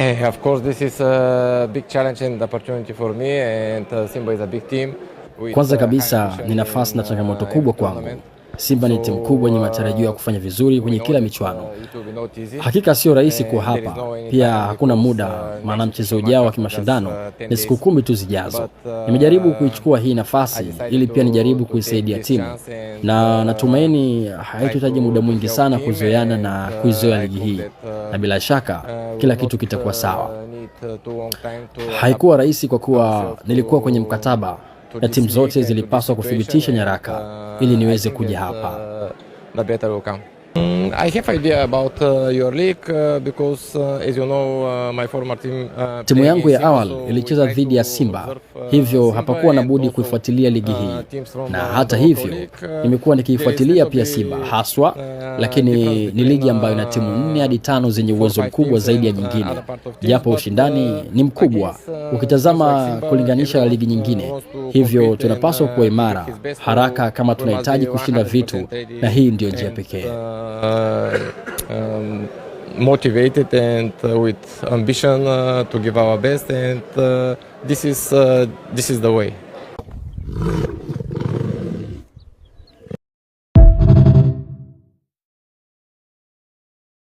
Hey, eh, of course, this is a big challenge and opportunity for me and uh, Simba is a big team. Kwanza uh, kabisa ni nafasi na changamoto uh, kubwa kwangu Simba ni timu kubwa yenye matarajio ya kufanya vizuri kwenye kila michuano. Hakika sio rahisi kuwa hapa, pia hakuna muda, maana mchezo ujao wa kimashindano ni siku kumi tu zijazo. Nimejaribu kuichukua hii nafasi ili pia nijaribu kuisaidia timu, na natumaini haitutaji muda mwingi sana kuzoeana na kuizoea ligi hii, na bila shaka kila kitu kitakuwa sawa. Haikuwa rahisi kwa kuwa nilikuwa kwenye mkataba na timu zote zilipaswa kuthibitisha nyaraka ili niweze kuja hapa. Timu yangu ya awal ilicheza dhidi ya Simba, uh, hivyo hapakuwa na budi kuifuatilia ligi uh, hii, na uh, hata hivyo nimekuwa nikiifuatilia pia Simba haswa, lakini ni ligi ambayo ina timu nne hadi tano zenye uwezo mkubwa zaidi ya nyingine, japo ushindani ni mkubwa ukitazama kulinganisha na ligi nyingine, hivyo tunapaswa kuwa imara haraka kama tunahitaji kushinda vitu, na hii ndio njia pekee. Uh, um, motivated and uh, with ambition uh, to give our best, and this is this is the way.